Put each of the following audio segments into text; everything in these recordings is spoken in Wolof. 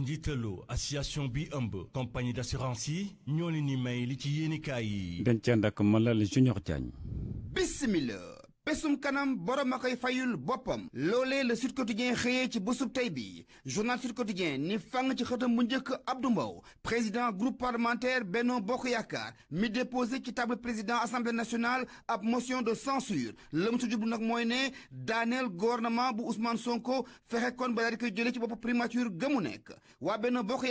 njiitalu association bi ëmb compagnie d'assurance yi ñoo leen ni may li ci yéenikaay yi. denc ànd ak Malal Junior Diagne. bismillah. pesum kanam borom fayul Bopam Lolé le Sud Quotidien xëyee ci bésub tey bi journal Sud Quotidien ni fang ci xëtam bu njëkk Abdou président groupe parlementaire Beno Bokk mi déposé ci table président assemblée nationale ab motion de censure la mu si jublu nag mooy ne gouvernement bu Ousmane Sonko fexé kon ba daal di ci bop primature gëmu nek wa Benno Bokk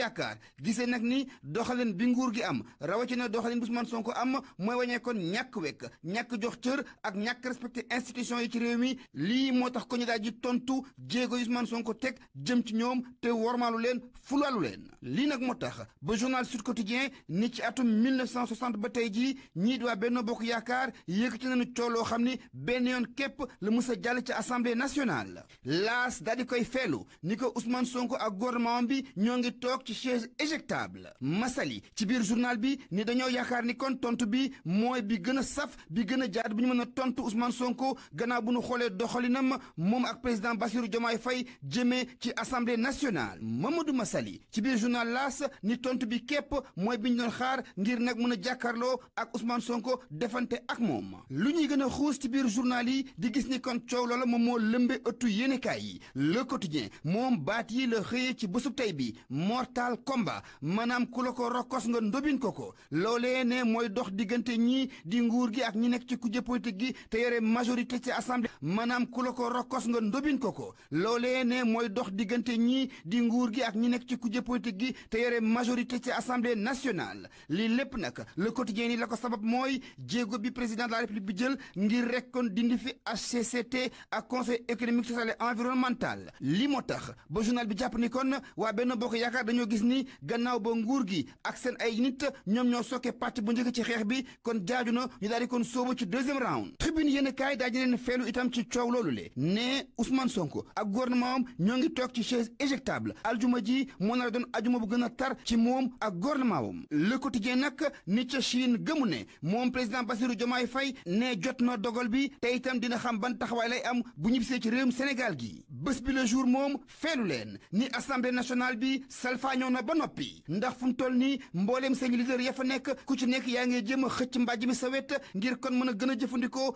gisé nak ni doxalin bi nguur gi am rawatina doxalin Ousmane Sonko am moy wañee kon ñak wek ñak jox ak ñak respecté institution yi ci réew mi lii moo tax ko ñu daal tontu jéego Usman Sonko teg jëm ci ñoom te Wormalulen, leen fulalu leen lii ba journal Sud Quotidien ni ci atum 1960 ba tey jii ñii di waa Benno Bokk Yaakaar yëkkati nañu coow xam ni képp la ci assemblée nationale L'as daal di koy ni ko Ousmane Sonko ak gouvernement bi ñoo ngi ci éjectable Masali ci biir journal bi ni dañoo yaakaar ni kon tontu bi mooy bi gën a saf bi gën a ñu tontu Ousmane Sonko Sonko gannaaw bu Holinum xoolee doxalinam ak président Bassirou Diomaye Faye jëmee ci assemblée nationale Mamadou Massali ci biir journal L'As ni tontu bi képp mooy bi ñu xaar ngir ak Ousmane Sonko defante ak moom lu Tibir gën a xuus ci biir journal yi di gis ni kon Le Quotidien mon bati le la qui ci taibi, mortal combat manam ku la ko Dobin nga ndobin koko, ne moi dox digante ni, di nguur ak ñi nekk politique gi majorité de l'Assemblée, manam ku la ko Koko, nga ndobin ko ne dox diggante ñii di nguur ak ci politique gi majorité de l'Assemblée nationale li lépp le quotidien yi la sabab moy djégo bi président de la république bi jël ngir rek dindi fi HCCT ak conseil économique social et environnemental li motax ba journal bi japp ni kon wa benn bokk yaakaar dañoo gis ni gannaaw ba nguur gi ak seen ay nit ñom ñoo parti bu ci bi kon kon soobu ci deuxième round tribune yenneka gaay daal di leen feelu itam ci coow loolu le ne Ousmane Sonko ak gouvernement ñoo ngi toog ci chaise éjectable aljuma ji moo nar a doon ajuma bu gën a tar ci moom ak gouvernement am Le Quotidien nag ni ca Chine gëmu ne moom président Bassirou Diomaye fay ne jot na dogal bi tey itam dina xam ban taxawaay lay am bu ñibbisee ci réewum Sénégal gi bés bi le jour moom feelu leen ni assemblée nationale bi salfaañoo na ba noppi ndax fu mu toll nii mbooleem seen leader fa nekk ku ci nekk yaa ngi jéem a xëcc mbàjj bi sa wet kon mën a gën a jëfandikoo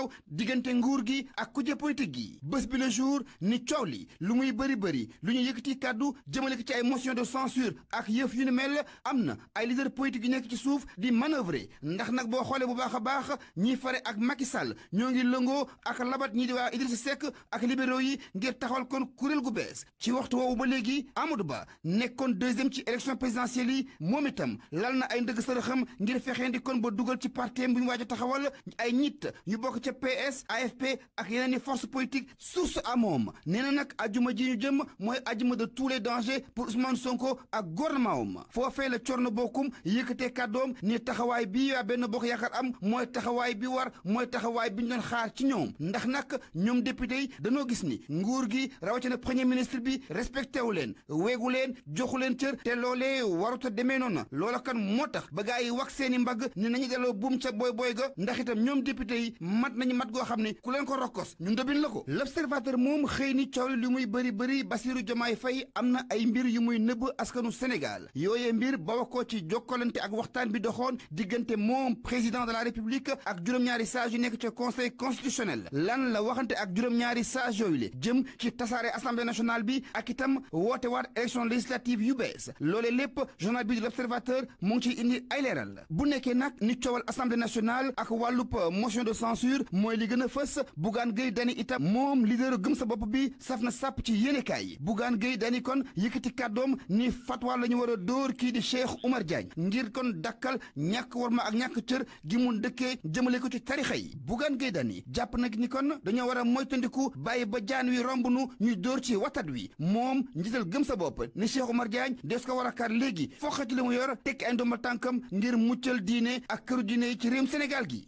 xew diggante nguur gi ak kuje politique gi bés bi le jour ni coow li lu muy bëri bëri lu ñu yëkkati kàddu jëmale ko ci ay motion de censure ak yëf yu ni mel am na ay leader politique gi nekk ci suuf di manœuvrer ndax nag boo xoolee bu baax a baax ñiy fare ak Macky Sall ñoo ngi lëngoo ak labat ñi di waa Idrissa Seck ak libéraux yi ngir taxawal kon kuréel gu bees ci waxtu woowu ba léegi Amadou Ba nekkoon deuxième ci élection présidentielle yi moom itam lal na ay ndëgg sërëxam ngir fexeendi kon ba dugal ci parti bu ñu waaj a taxawal ay nit yu bokk ci ca AFP ak yeneen i force politique source a moom nee na nag ajuma ji ñu jëm mooy ajuma de tous les dangers pour Ousmane Sonko ak gouvernement foofee la corno bokkum yëkkatee kàddoom ni taxawaay bi waa benn bokk yaakaar am mooy taxawaay bi war mooy taxawaay bi ñu doon xaar ci ñoom ndax nag ñoom député yi danoo gis ni nguur gi rawatina premier ministre bi respecté wu leen weegu leen joxu leen cër te loolee waruta demee noonu loola kan moo tax ba gaa yi wax seeni mbagg ni nañu delloo buum ca booy booy ga ndax ñoom député yi nañu mat goo xam ku leen ko rokkos l'observateur moom xëy ni coow li muy bëri bëri Bassirou Diomaye Faye am na ay mbir yu muy nëbb askanu Sénégal yooye mbir bawa ci jokkalante ak waxtaan bi doxoon diggante président de la république ak juróom-ñaari sage yu conseil constitutionnel lan la waxante ak juróom-ñaari sage yooyu le jëm ci tasaare assemblée nationale bi ak itam élection législative yu bees loolee lépp journal bi l'observateur mu ngi ciy indi ay leeral bu nekkee nag ni coowal assemblée nationale ak motion de censure mooy li gën a fës Bougane Gueye Dany itam moom leaderu gëm sa bopp bi saf na sàpp ci yéenekaay yi Bougane Gueye Dany kon yëkkati kàddoom ni fatwa la ñu war a dóor kii di Cheikh Oumar Diagne ngir kon dakkal ñàkk ma ak ñàkk cër gi mu dëkke jëmale ko ci tarixa yi Bougane Gueye Dany jàpp nag ni kon dañoo war a moytandiku bàyyi ba jaan wi romb nu ñuy dóor ci watat wi moom njiital gëm sa bopp ni Cheikh Oumar Diagne des ko war a kar léegi foqati li mu yor tekk ay ndombal tànkam ngir muccal diine ak këru diine ci réewum Sénégal gi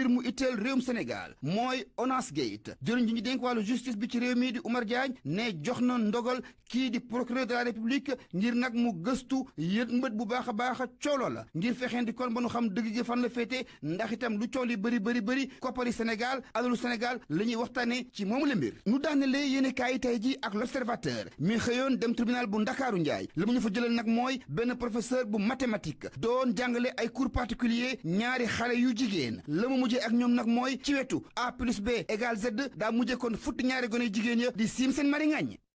mbir mu itteel réewum Sénégal mooy ONAS Gate jëriñ ji ñu dénk wàllu justice bi ci réew mii di Oumar Diagne ne jox na ndogal kii di procureur de la république ngir nag mu gëstu yët mbët bu baax a baax a coolo la ngir fexeen kon ba nu xam dëgg gi fan la féete ndax itam lu cool yi bëri bëri bëri koppari Sénégal alalu Sénégal la ñuy waxtaane ci moomu la mbir nu daanelee yéene kaay yi ji ak l'observateur mi xëyoon dem tribunal bu ndakaaru njaay la mu ñu fa jëlal nag mooy benn professeur bu mathématique doon jàngale ay cours particulier ñaari xale yu jigéen la mujjee ak ñoom nag mooy ci wetu a plus b égal daa mujjee kon futti ñaari gone jigéen ya di siim seen mari ngaañ